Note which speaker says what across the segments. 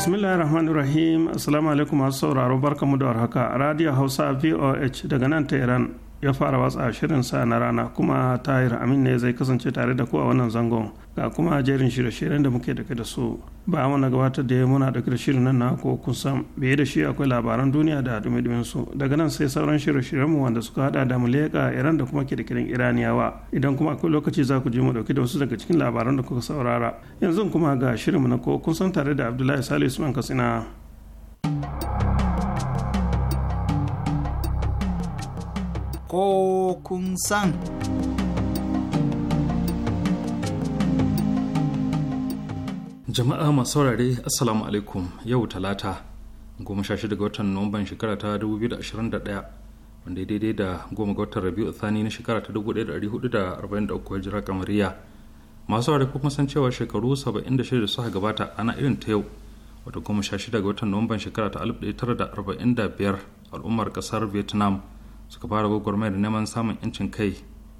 Speaker 1: bismillahir rahmanir rahim assalamu alaikum masu sauraro barkamu da warhaka radio hausa voh daga nan ta iran. ya fara watsa shirin sa na rana kuma tahir amin ne zai kasance tare da ku a wannan zangon ga kuma jerin shirye-shiryen da muke dake da su ba mu na gabatar da muna dake da shirin nan na ko kun san biye da shi akwai labaran duniya da dumi su daga nan sai sauran shirye-shiryen mu wanda suka hada da muleka iran da kuma kirkirin iraniyawa idan kuma akwai lokaci za ku je mu dauki da wasu daga cikin labaran da kuka saurara yanzu kuma ga shirin mu na ko kun san tare da abdullahi salisu usman katsina
Speaker 2: ko kun san.
Speaker 3: Jama'a masu saurare Assalamu alaikum yau talata goma sha shida ga watan Nuwamban shekara ta 2021 wanda daidai da goma ga watan Rabi'u Thani na shekara ta 1443 hijira kamariya. Masu saurare kuma san cewa shekaru 76 da suka gabata ana irin ta yau wata goma sha shida ga watan Nuwamban shekara ta 1945 al'ummar kasar Vietnam suka fara gwagwarmayar neman samun 'yancin kai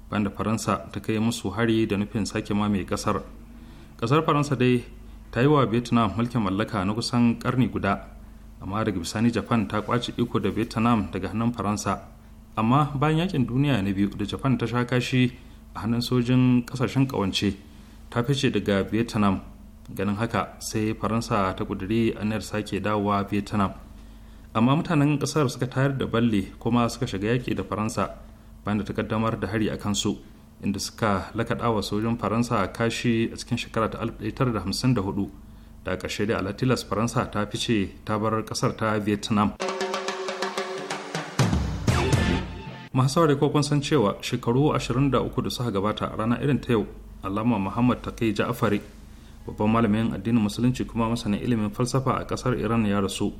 Speaker 3: bayan da faransa ta kai musu hari da nufin sake mamaye kasar kasar faransa dai ta yi wa vietnam mulkin mallaka na kusan karni guda amma daga bisani japan ta kwace iko da vietnam daga hannun faransa amma bayan yakin duniya na biyu da japan ta sha kashi a hannun sojin kasashen kawance ta fice daga vietnam ganin haka sai faransa ta kuduri aniyar sake dawowa vietnam amma mutanen kasar suka tayar da balle kuma suka shiga yaƙi da faransa bayan da ta kaddamar da hari a kansu inda suka lakaɗa wa sojin faransa kashi a cikin shekara ta 1954 da ƙarshe da alatilas faransa ta fice ta bar kasar ta vietnam masu saurari ko kun san cewa shekaru 23 da suka gabata a rana irin ta yau alama muhammad takai ja'afari babban malamin addinin musulunci kuma masanin ilimin falsafa a kasar iran ya rasu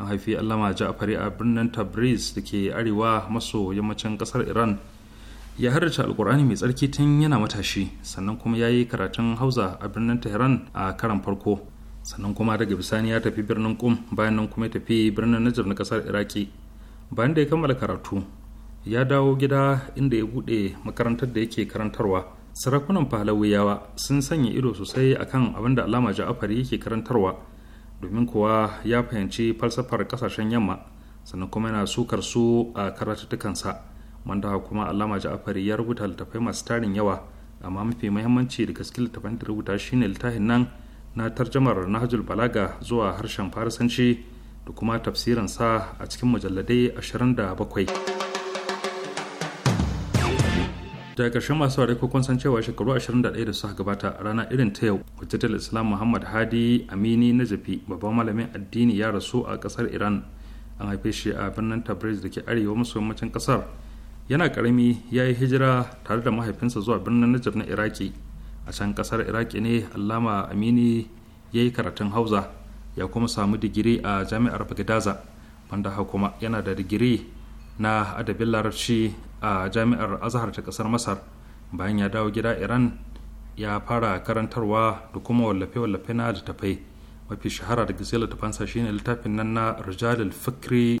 Speaker 3: an haifi allama ja'afari a birnin tabriz da ke arewa maso yammacin kasar iran ya harrace alkur'ani mai tsarki tun yana matashi sannan kuma ya yi karatun hausa a birnin tehran a karan farko sannan kuma daga bisani ya tafi birnin kum bayan nan kuma ya tafi birnin najar na kasar iraki bayan da ya kammala karatu ya dawo gida inda ya bude makarantar da yake karantarwa sarakunan pahlawiyawa sun sanya ido sosai akan abin da alama ja'afari yake karantarwa domin kuwa ya fahimci falsafar kasashen yamma sannan kuma yana sukar su a karatattukansa wanda kuma alama ja'afari ya rubuta littafai masu tarin yawa amma mafi mahimmanci da gaske littafin da rubuta shine littafin nan na tarjamar nahjul balaga zuwa harshen farisanci da kuma tafsirinsa a cikin mujalladai 27 da ƙarshen masu ware kun san cewa shekaru 21 da suka gabata rana irin ta yau hujjatul islam muhammad hadi amini najafi babban malamin addini ya rasu a ƙasar iran an haife shi a birnin tabriz da ke arewa maso yammacin ƙasar yana ƙarami ya yi hijira tare da mahaifinsa zuwa birnin najaf na iraki a can kasar iraki ne allama amini ya yi karatun hauza ya kuma samu digiri a jami'ar bagdaza wanda kuma yana da digiri na adabin larabci a jami'ar azhar ta kasar masar bayan ya dawo gida iran ya fara karantarwa da kuma wallafe-wallafe na littattafai mafi shahara daga zai littafansa shine littafin nan na rijalil fikri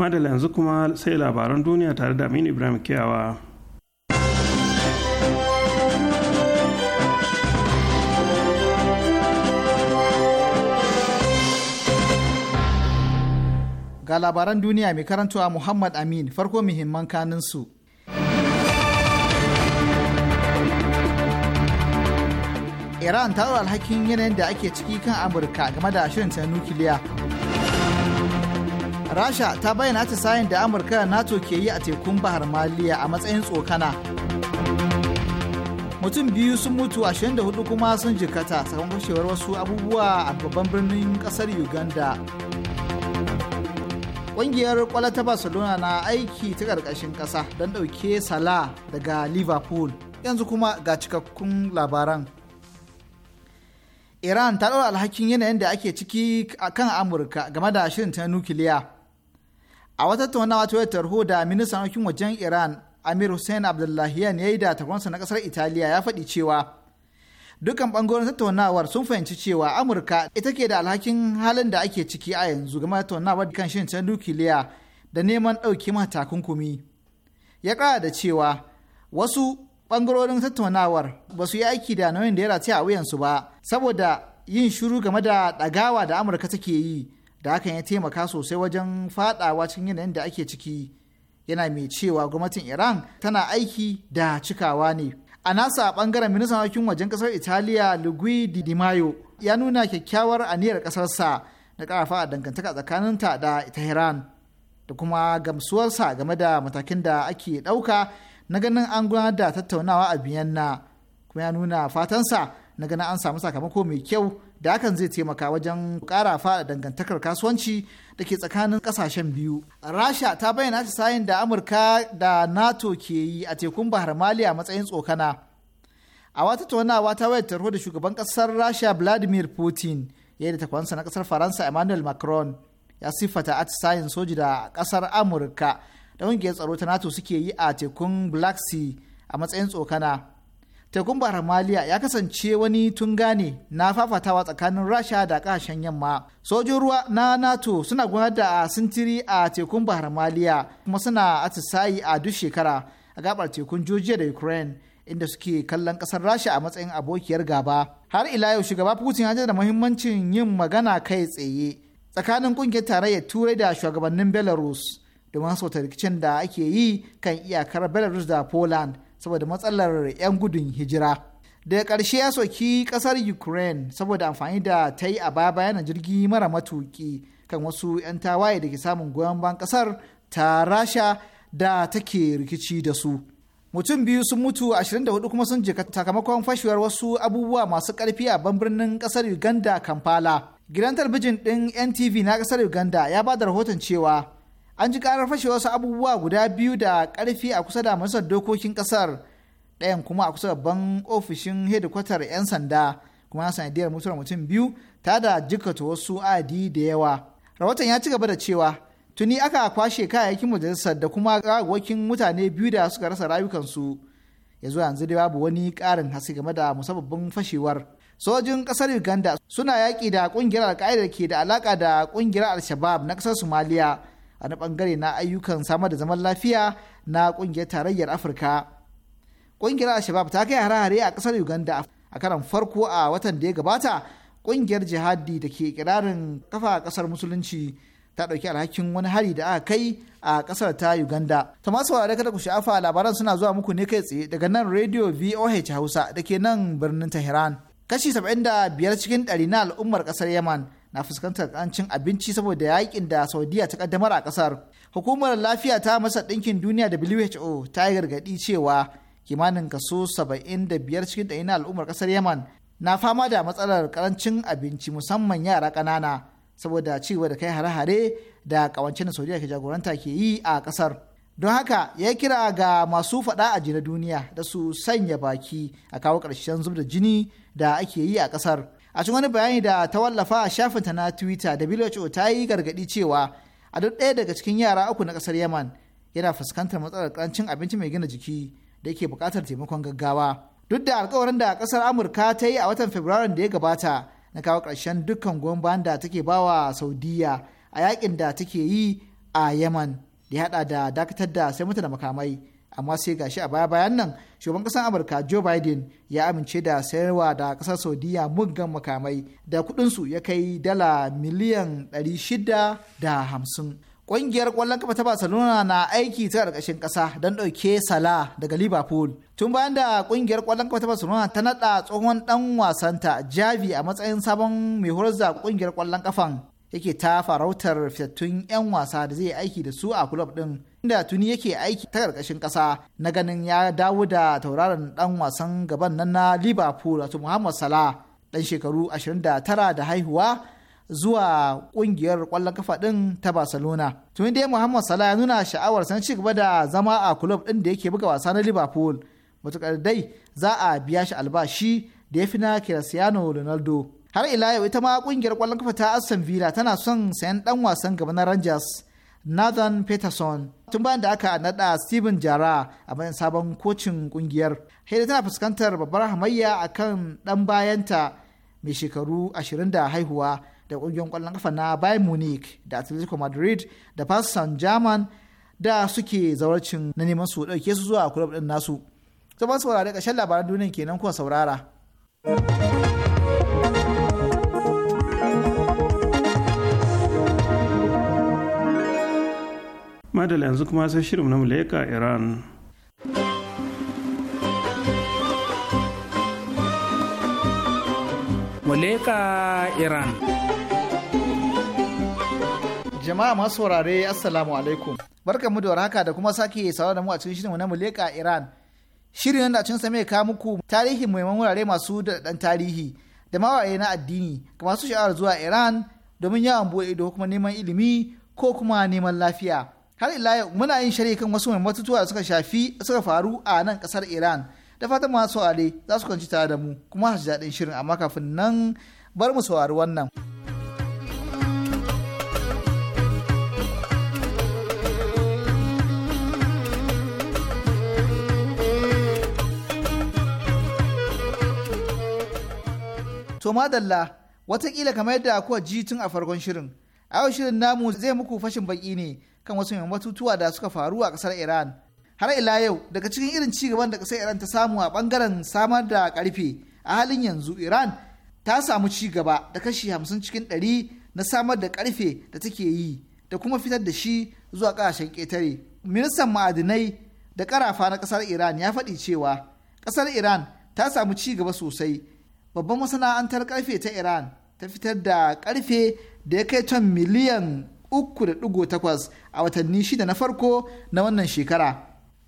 Speaker 1: madala yanzu kuma sai labaran duniya tare da aminu ibrahim kiyawa
Speaker 2: ga labaran duniya mai karantawa muhammad amin farko muhimman kanin su iran ta alhakin yanayin da ake ciki kan amurka game da shirin ta nukiliya rasha ta bayyana ta sayan da amurka nato ke yi a tekun bahar maliya a matsayin tsokana mutum biyu sun mutu a da hudu kuma sun jikata sakamakon fashewar wasu abubuwa a babban birnin kasar uganda ƙungiyar ƙwalata ta barcelona na aiki ta ƙarƙashin ƙasa don ɗauke sala daga liverpool yanzu kuma ga cikakkun labaran iran ta ɗaura alhakin yanayin da ake ciki kan amurka game da shirin ta nukiliya a wata tattaunawa ta tarho da ministan harkokin wajen iran amir hussein Abdullahiyan ya yi da takwansa na kasar italiya ya faɗi cewa dukkan ɓangaren tattaunawar sun fahimci cewa amurka ita ke da alhakin halin da ake ciki a yanzu game da tattaunawar kan shirin ta nukiliya da neman ɗauki mata takunkumi ya ƙara da cewa wasu ɓangarorin tattaunawar ba su yi aiki da nauyin da ya rataya a wuyansu ba saboda yin shiru game da ɗagawa da amurka take yi da hakan ya taimaka sosai wajen fadawa cikin yanayin da ake ciki yana mai cewa gwamnatin iran tana aiki da cikawa ne a nasa a bangaren ministan harkokin wajen kasar italiya lugui di mayo ya nuna kyakkyawar aniyar kasarsa na karafa a dangantaka tsakaninta da tehran da kuma gamsuwarsa game da matakin da ake ɗauka na ganin an gudanar da tattaunawa a biyanna kuma ya nuna fatansa na ganin an samu sakamako mai kyau da hakan zai taimaka wajen kara fada dangantakar kasuwanci da ke tsakanin kasashen biyu. Rasha ta bayyana ta sayin da Amurka da NATO ke yi a tekun Bahar Mali a matsayin tsokana. A wata tattaunawa ta wayar tarho da shugaban kasar Rasha Vladimir Putin ya da takwansa na kasar Faransa Emmanuel Macron ya siffata atisayin soji da kasar Amurka da ƙungiyar tsaro ta NATO suke yi a tekun Black Sea a matsayin tsokana. tekun bahar ya kasance wani tunga ne na fafatawa tsakanin rasha da kasashen yamma sojin ruwa na nato suna gudanar da sintiri a tekun bahar kuma suna atisayi a duk shekara a gabar tekun georgia da ukraine inda suke kallon kasar rasha a matsayin abokiyar gaba har ila yau shugaba putin ya da muhimmancin yin magana kai tsaye tsakanin kungiyar tarayyar turai da shugabannin belarus domin sautar rikicin da ake yi kan iyakar belarus da poland saboda matsalar 'yan gudun hijira. da ƙarshe ya soki ƙasar Ukraine saboda amfani da ta yi a baya bayan jirgi mara matuƙi kan wasu 'yan tawaye da ke samun goyon ban ƙasar ta Rasha da take rikici da su. Mutum biyu sun mutu 24 kuma sun jika takamakon fashewar wasu abubuwa masu ƙarfi a ban birnin ƙasar Uganda Kampala. Gidan talabijin ɗin NTV na ƙasar Uganda ya ba da rahoton cewa an ji karar fashe wasu abubuwa guda biyu da karfi a kusa da masar dokokin kasar ɗayan kuma a kusa babban ofishin hedikwatar 'yan sanda kuma na sanadiyar mutuwar mutum biyu ta da jikata wasu adi da yawa rahoton ya ci gaba da cewa tuni aka kwashe kayayyakin majalisar da kuma gawawwakin mutane biyu da suka rasa rayukansu ya zuwa yanzu dai babu wani ƙarin haske game da musabbabin fashewar sojin ƙasar uganda suna yaƙi da ƙungiyar alƙa'ida da ke da alaƙa da ƙungiyar al-shabab na ƙasar Somalia. a na bangare na ayyukan samar da zaman lafiya na kungiyar tarayyar afirka kungiyar al-shabab ta kai hare-hare a kasar uganda a karan farko a watan da ya gabata kungiyar jihadi da ke kirarin kafa kasar musulunci ta ɗauki alhakin wani hari da aka kai a ƙasar ta uganda ta masu wa kada ku sha'afa labaran suna zuwa muku ne kai tsaye daga nan radio voh hausa da ke nan birnin tehran kashi 75 cikin ɗari na al'ummar ƙasar yaman na fuskantar ƙarancin abinci saboda yakin da saudiya ta kaddamar a kasar. hukumar lafiya ta masa ɗinkin duniya who ta yi gargaɗi cewa kimanin kaso biyar cikin ɗari na al'ummar ƙasar yaman na fama da matsalar karancin abinci musamman yara ƙanana saboda cewa da kai hare-hare da ƙawancin da saudiya ke jagoranta ke yi a ƙasar don haka ya kira ga masu faɗa a jina duniya da su sanya baki a kawo ƙarshen zub da jini da ake yi a ƙasar a cikin wani bayani da ta wallafa a shafinta na twitter who ta yi gargaɗi cewa a duk ɗaya daga cikin yara uku na ƙasar yaman yana fuskantar matsalar ƙarancin abinci mai gina jiki da yake buƙatar taimakon gaggawa duk da alkawarin da ƙasar amurka ta yi a watan fabrairun da ya gabata na kawo ƙarshen dukkan goyon bayan da take bawa saudiya a yakin da take yi a yaman da ya haɗa da dakatar da sai mata makamai amma sai ga shi a baya bayan nan shugaban kasar amurka joe biden ya amince da sayarwa da ƙasar saudiya muggan makamai da kuɗinsu ya kai dala miliyan 650 ƙungiyar ƙwallon kafa ta barcelona na aiki ta ƙarƙashin ƙasa don ɗauke sala daga liverpool tun bayan da ƙungiyar ƙwallon kafa ta barcelona ta naɗa tsohon ɗan wasanta javi a matsayin sabon mai horar da ƙungiyar ƙwallon kafan yake ta farautar fitattun 'yan wasa da zai aiki da su a kulob din. inda tuni yake aiki ta karkashin ƙasa na ganin ya dawo da tauraron dan wasan gaban nan na liverpool wato muhammad salah dan shekaru 29 da haihuwa zuwa kungiyar kwallon kafa din ta barcelona tuni dai muhammad salah ya nuna sha'awar san ci gaba da zama a club din da yake buga wasa na liverpool matukar dai za a biya shi albashi da ya fi na cristiano ronaldo har ila yau ita ma kungiyar kwallon kafa ta aston villa tana son sayan dan wasan gaba na rangers Nathan Peterson tun bayan da aka naɗa Steven Jara a bayan sabon kocin kungiyar. Haida tana fuskantar babbar hamayya a kan ɗan bayanta mai shekaru 20 da haihuwa da ƙungiyar ƙwallon ƙafa na Bayern Munich da Atletico Madrid da Paris Saint-Germain da suke zawarcin na neman su ɗauke su zuwa kulob ɗin nasu. Zaman saurare ƙarshen labaran duniya kenan kuwa saurara.
Speaker 1: madala yanzu kuma sai shirin na muleka iran
Speaker 2: iran jama'a masu saurare assalamu alaikum barkanmu da warhaka da kuma sake saurara da mu a cikin shirin na muleka iran shirin da cin same ka muku tarihi muhimman wurare masu da tarihi da mawaye na addini ga masu sha'awar zuwa iran domin yawon buɗe ido kuma neman ilimi ko kuma neman lafiya har ila yau muna yin shari'a kan wasu mai matutuwa da suka shafi suka faru a nan kasar iran da fatan masu saurare za su kwanci tare da mu kuma su daɗin shirin amma kafin nan bar mu saurari wannan. To madalla watakila kamar yadda kuwa ji tun a farkon shirin, a yau shirin namu zai muku fashin baki ne kan wasu mai batutuwa da suka faru a kasar Iran. Har ila yau daga cikin irin ci gaban da kasar Iran ta samu a bangaren samar da karfe a halin yanzu Iran ta samu ci gaba da kashi hamsin cikin ɗari na samar da karfe da take yi da kuma fitar da shi zuwa ƙasashen ketare. Ministan ma'adinai da karafa na kasar Iran ya faɗi cewa kasar Iran ta samu ci gaba sosai. Babban masana'antar karfe ta Iran ta fitar da karfe da ya kai ton miliyan 3.8 a watanni shida na farko na wannan shekara.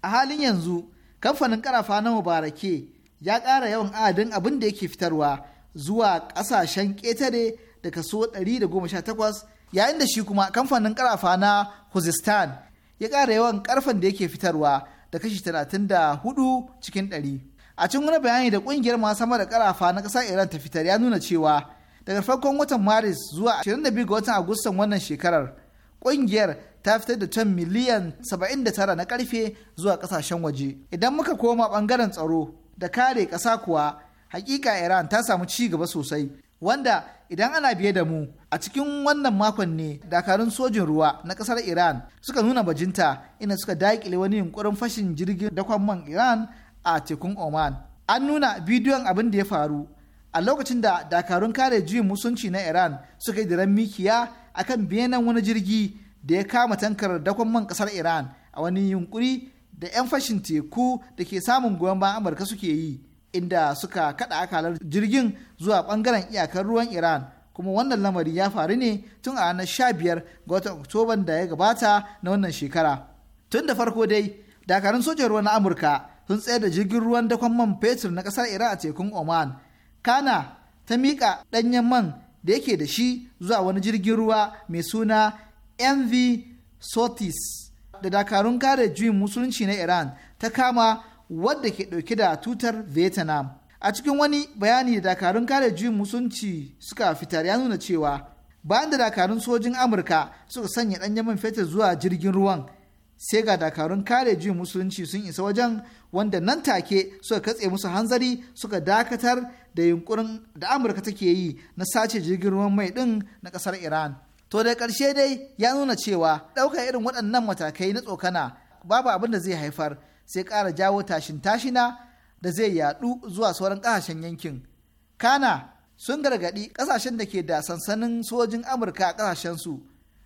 Speaker 2: A halin yanzu, kamfanin karafa na Mubarake ya ƙara yawan adadin abin da yake fitarwa zuwa ƙasashen ƙetare da kaso 118 yayin da shi kuma kamfanin karafa na Huzistan ya ƙara yawan ƙarfen da yake fitarwa da kashi 34 cikin 100. A cikin wani bayani da ƙungiyar masu sama da karafa na ƙasar Iran ta fitar ya nuna cewa daga farkon watan maris zuwa 22 ga watan agustan wannan shekarar kungiyar ta fitar da ton miliyan 79 na karfe zuwa kasashen waje idan muka koma bangaren tsaro da kare ƙasa kuwa hakika iran ta samu ci gaba sosai wanda idan ana biye da mu a cikin wannan makon ne dakarun sojin ruwa na kasar iran suka nuna bajinta ina suka daƙile wani yunkurin fashin jirgin dakon man iran a tekun oman an nuna bidiyon abin da ya faru a lokacin da dakarun kare juyin musunci na iran suka yi diran mikiya akan benan wani jirgi da ya kama tankar dakon man kasar iran a wani yunkuri da 'yan fashin teku da ke samun goyon bayan amurka suke yi inda suka kada akalar jirgin zuwa bangaren iyakar ruwan iran kuma wannan lamari ya faru ne tun a ranar sha biyar ga watan oktoban da ya gabata na wannan shekara tun da farko dai dakarun sojan ruwa na amurka sun tsayar da jirgin ruwan dakon man fetur na kasar iran a tekun oman kana ta miƙa ɗanyen man da yake da shi zuwa wani jirgin ruwa mai suna mv sotis da dakarun kare juyin musulunci na iran ta kama wadda ke ɗauke da tutar vietnam a cikin wani bayani da dakarun kare juyin musulunci suka fitar ya nuna cewa bayan da dakarun sojin amurka suka sanya ɗanyen man fetur zuwa jirgin ruwan sai ga dakarun kare jin musulunci sun isa wajen wanda nan take suka katse musu hanzari suka dakatar da yunkurin da amurka take yi na sace jirgin ruwan mai din na kasar iran to da ƙarshe dai ya nuna cewa ɗaukar irin waɗannan matakai na tsokana babu abin da zai haifar sai ƙara jawo tashin tashina da zai yaɗu zuwa sauran ƙasashen yankin kana sun gargaɗi ƙasashen da ke da sansanin sojin amurka a ƙasashensu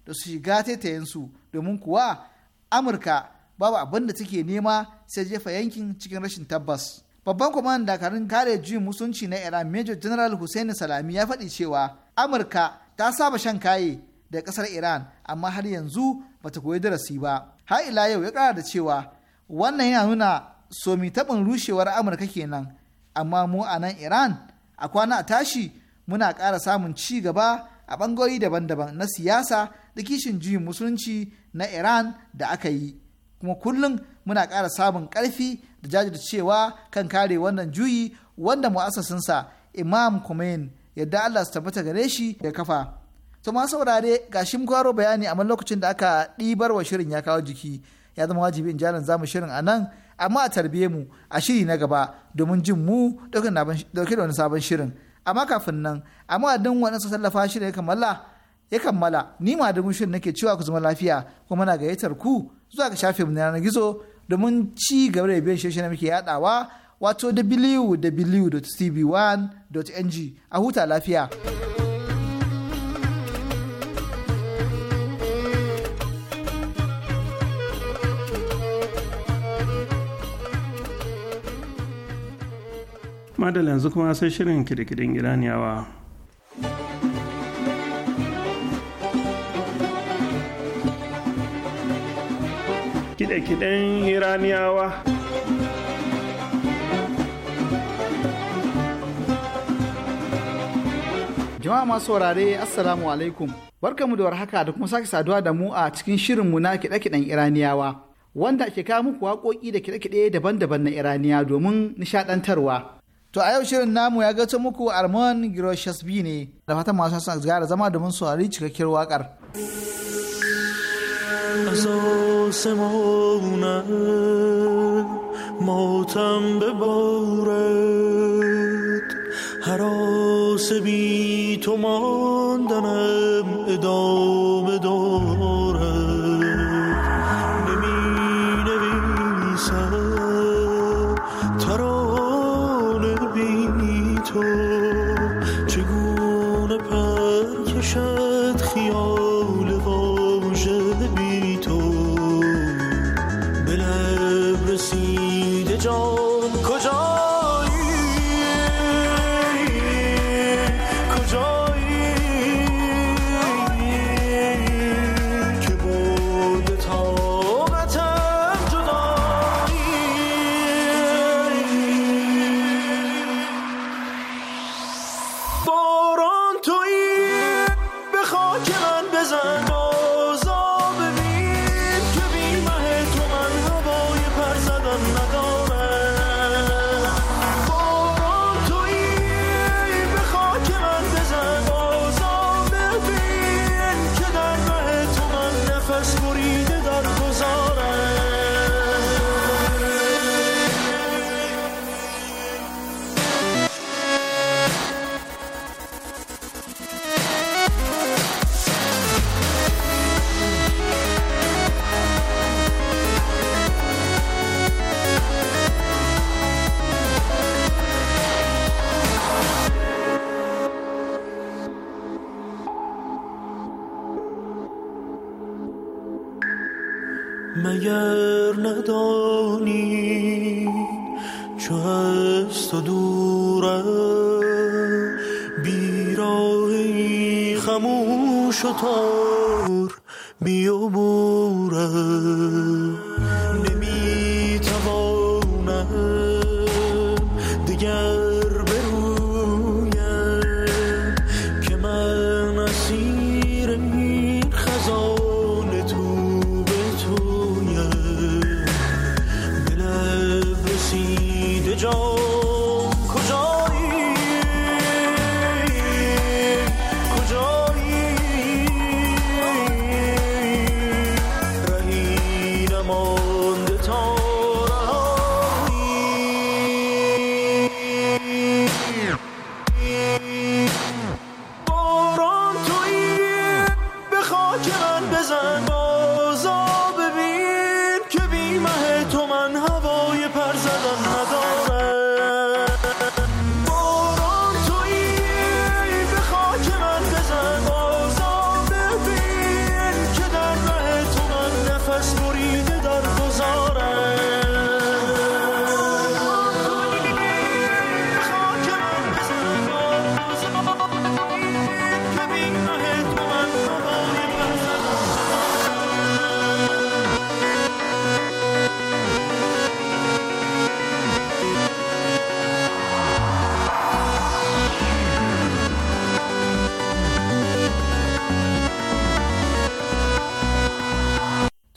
Speaker 2: da su shiga taitayensu domin kuwa amurka babu abin da take nema sai jefa yankin cikin rashin tabbas babban kwamandan dakarun kare juyin musunci na iran major general hussein salami ya faɗi cewa amurka ta saba shan kaye da ƙasar iran amma har yanzu bata koyi darasi ba har ila yau ya ƙara da cewa wannan yana nuna somi taɓin rushewar amurka kenan amma mu a nan iran a kwana a tashi muna ƙara samun ci gaba a bangoyi daban-daban na siyasa da kishin juyin musulunci na iran da aka yi kuma kullum muna kara samun karfi da jajircewa kan kare wannan juyi wanda mu'assasinsa imam kumain yadda allah su tabbata gare shi ya kafa to ma saurare ga shi kwaro bayani amma lokacin da aka ɗibar wa shirin ya kawo jiki ya zama wajibi in jalan zamu shirin a nan amma a tarbiye mu a shiri na gaba domin jin mu ɗauke da wani sabon shirin amma kafin nan amma ma'adin wannan sa tallafa shi da ya kammala ya kammala ni ma da mushin nake cewa ku zama lafiya kuma na gayyatar ku zuwa ga shafin na yanar gizo domin ci gaba da biyan shi na muke yadawa wato www.tv1.ng a huta lafiya.
Speaker 1: madalla yanzu kuma sai shirin kidikidin iraniyawa kide iraniyawa
Speaker 2: jama'a masu wurare assalamu alaikum barkamu da warhaka da kuma sake saduwa da mu a cikin shirinmu na kide-kiden iraniyawa wanda ke kawo muku waƙoƙi da kide-kide daban-daban na iraniya domin nishaɗantarwa To a yau shirin namu ya gato muku Armon بینی ne da fatan masu son zama domin saurari cikakkiyar wakar.
Speaker 4: تو ماندنم ادامه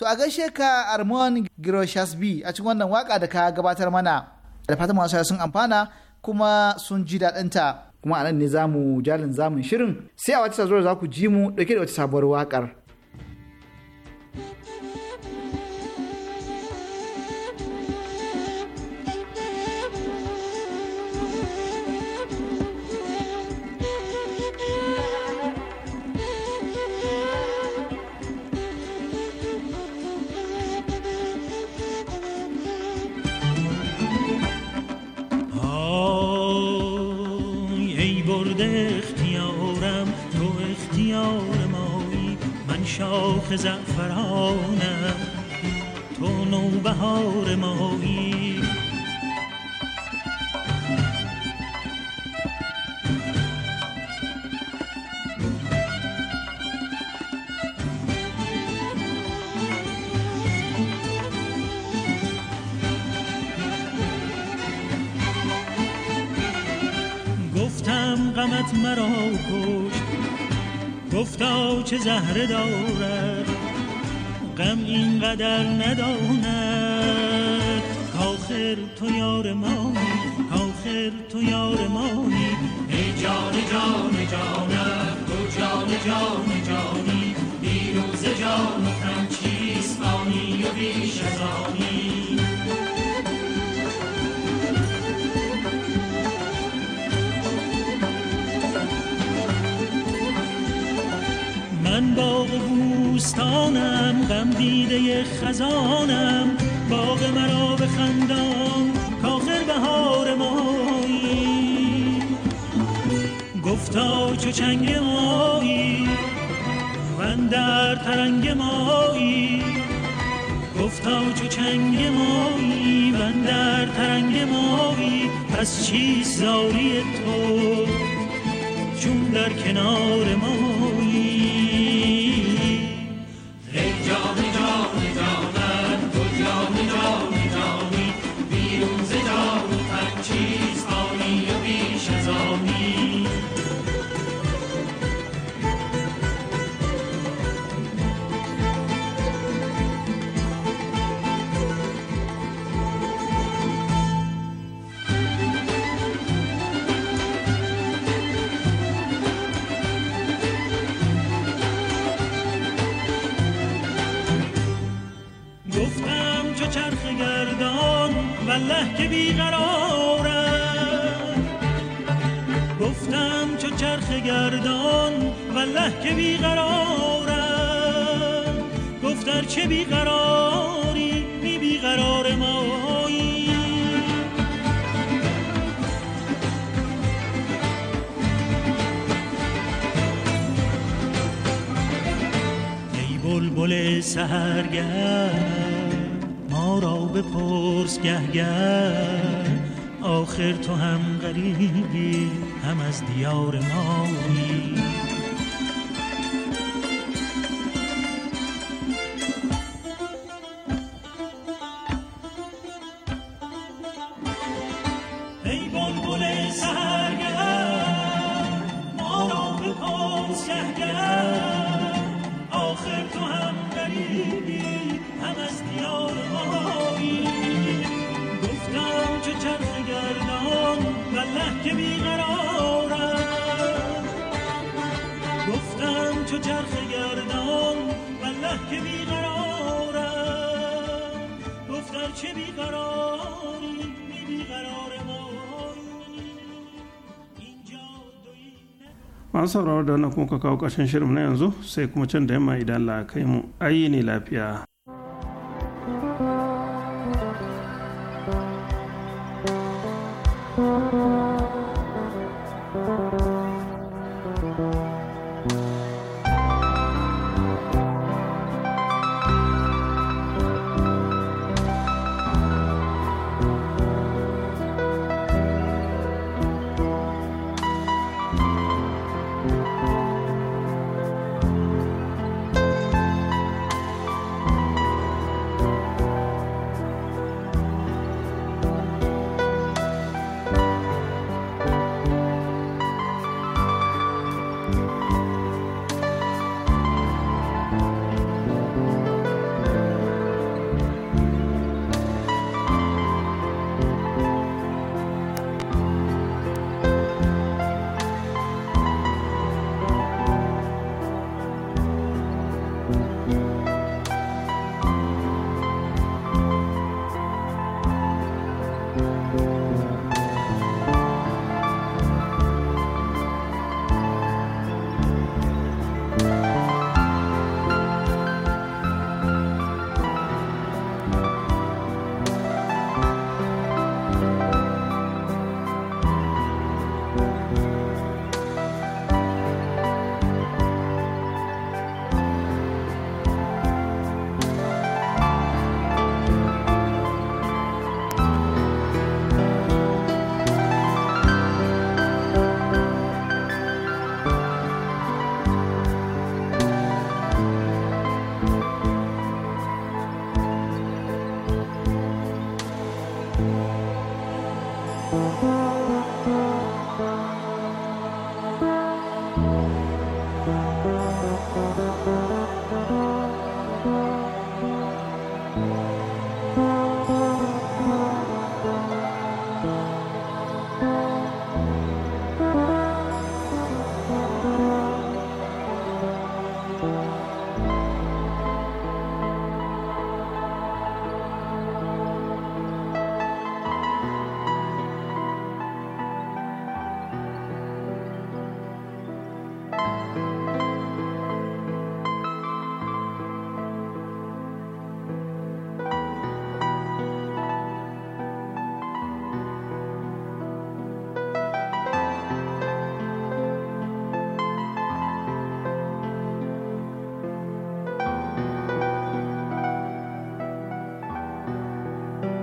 Speaker 2: a gaishe ka Armon B a cikin wannan waka da ka gabatar mana. Da fatan masu sun amfana kuma sun ji daɗinta. Kuma a nan ne za mu jalin zamun shirin sai a wata sazuwar za ku ji mu ɗauke da wata sabuwar waƙar.
Speaker 5: شاخ زعفرانم تو نوبهار
Speaker 6: مایی
Speaker 5: چه زهره دارد غم اینقدر نداند کاخر تو یار مانی کاخر تو یار مانی ای جان جان جانم تو جان جان جانی دیروز جان باغ بوستانم غم دیده خزانم باغ مرا به خندان کاخر بهار مایی گفتا چو چنگ مایی من در ترنگ مایی گفتا چو چنگ مایی من در ترنگ مایی پس چیست زاری تو چون در کنار ما که که بیقرارم گفتم چو چرخ گردان لهکه که بیقرارم گفتر چه بیقراری بی بیقرار
Speaker 6: مایی
Speaker 5: ای بلبل سهرگرد بپرس گهگر آخر تو هم غریبی هم از دیار مایی
Speaker 1: sauraro da wannan kuma ka kawo ƙarshen shirin na yanzu sai kuma can da yamma idan la kai mu ayi ne lafiya